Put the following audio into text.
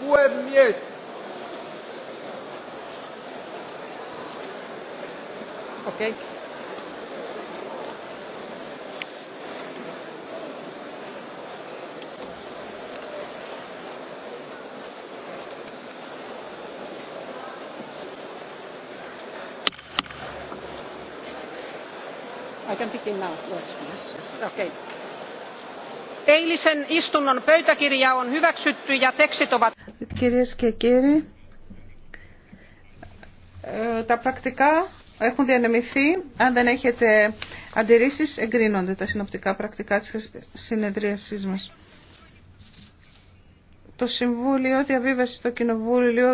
puhemies. Okay. I can begin now. Yes, yes, yes. Okay. Κυρίες και κύριοι, ε, τα πρακτικά έχουν διανεμηθεί. Αν δεν έχετε αντιρρήσεις, εγκρίνονται τα συνοπτικά πρακτικά της συνεδρίασής μας. Το Συμβούλιο διαβίβασε στο Κοινοβούλιο